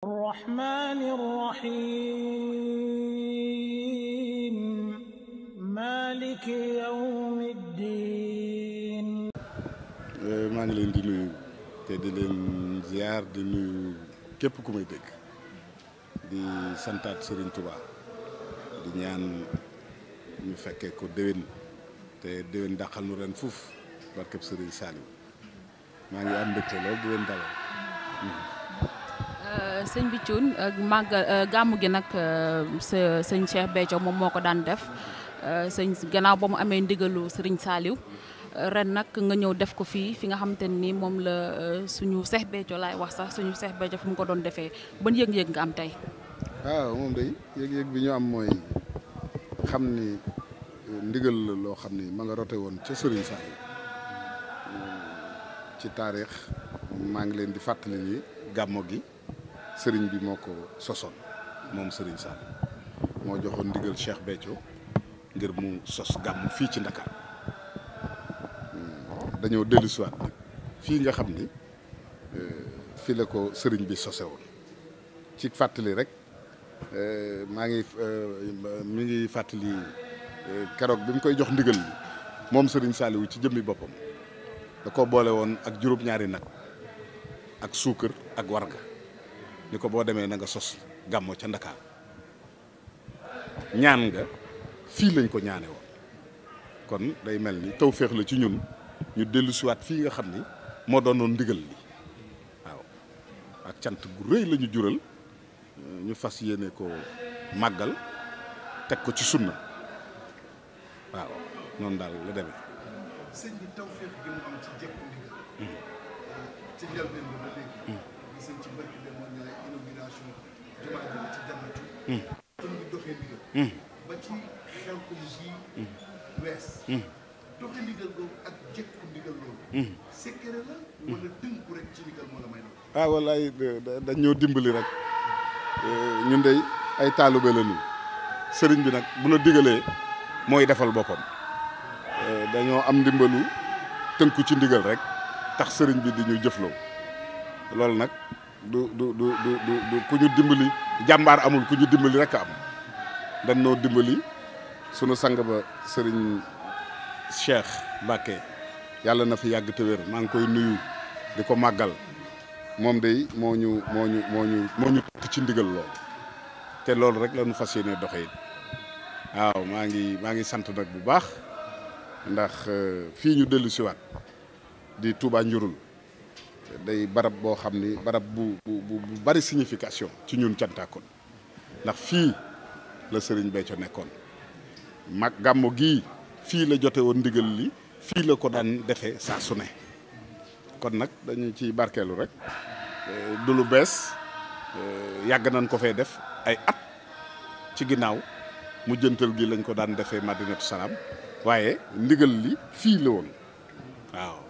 الرحمن الرحيم euh, ngi leen di nuyu te di leen ziar di nuyu képp ku may dégg di santaat Serigne Touba di ñaan ñu fekkee ko déwén te déwén dàqal nu ren fuuf barkeb Serigne Saliou maa ngi am mbégte lool di dalal Euh, sëñ bi Thioune euh, mag euh, gàmmu gi nag sa sëñ Cheikh Béthio moom moo ko daan def sëñ gannaaw ba mu amee ndigalu sëriñ Saaliw ren nag nga ñëw def ko fii fi nga xamante ni moom la suñu Cheikh Béthio lay wax sax suñu seex Béthio fu mu ko doon defee ban yëg-yëg nga am tey. waaw ah, moom day yëg-yëg bi ñu am mooy xam ni ndigal la loo xam ni ma nga rote woon ca sëriñ Saaliw ci taarix maa ngi leen di fàttali ni gàmmo gi. sëriñ bi moo ko sosoon moom sëriñ Sall moo joxoon ndigal Cheikh Béthio ngir mu sos gàmm fii ci Ndakaar hmm. dañoo dellusiwaat nag fii nga xam ni euh, fii la ko sëriñ bi sose woon ci fàttali rek euh, maa ngi euh, mi ngi fàttali keroog bi mu koy jox ndigal moom sëriñ Saliou ci jëmmi boppam da ko boole woon ak juróom-ñaari nag ak suukar ak warga ni ko boo demee nanga nga sos gàmmoo ca Ndakaar ñaan nga fii lañ ko ñaane woon kon day mel ni tawféex la ci ñun ñu dellusiwaat fii nga xam ni moo doonoon ndigal li waaw ak cant gu rëy lañu jural ñu fas yéene ko màggal teg ko ci sunna waaw noonu daal la demee. Mm. Mm. de réalisation ah, wallaay dañ dimbali rek eh, ñun dey ay taalibe la ñu sëriñ bi nag bu la digalee mooy defal boppam eh, dañoo am ndimbalu tënku ci ndigal rek tax sëriñ bi di ñu jëfloo loolu nag du du du du du ku ñu dimbali jàmbaar amul ku ñu dimbali rekk am dañ noo dimbali sunu sang ba sëriñ Cheikh Mbacke yàlla na fi yàgg te maa ngi koy nuyu di ko màggal moom day moo ñu moo ñu moo ñu moo ñu tëkk ci ndigal lool te loolu rek la ñu fas yéene doxe it waaw maa ngi maa ngi sant nag bu baax ndax euh, fii ñu dellu siwaat di Touba Njurul day barab boo xam ni barab bu bu bari signification ci ñun cantaakon ndax fii la Serigne Béthio nekkoon mag gàmmu gi fii la jote woon ndigal li fii la ko daan defee saa su kon nag dañu ci barkeelu rek eh, du lu bees eh, yàgg nañ ko fee def ay at ci ginnaaw mu jëntal gi lañ ko daan defee Madinatu Salaam waaye ndigal li fii la woon waaw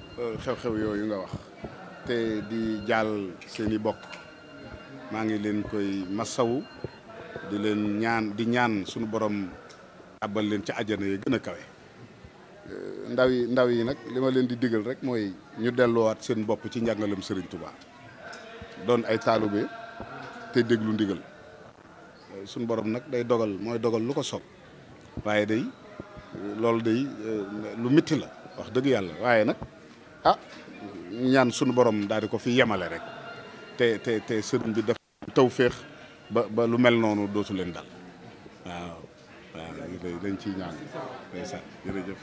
xew-xew yooyu nga wax te di jàll seeni bokk maa ngi leen koy masawu di leen ñaan di ñaan suñu borom abal leen ca àjjana yi gën a kawe eh, ndaw yi ndaw yi nag li ma leen di digal rek mooy ñu delluwaat seen bopp ci njàngalam Serigne Touba doon ay taalibe te déglu ndigal eh, suñu borom nag day dogal mooy dogal lu ko soob waaye day loolu day eh, lu métti la wax dëgg yàlla waaye nag ah ñaan sunu borom daal di ko fi yemale rek te te te sëriñ bi def taw féex ba ba lu mel noonu dootu leen dal waaw waaw dañ ci ñaan ndeysaan jërëjëf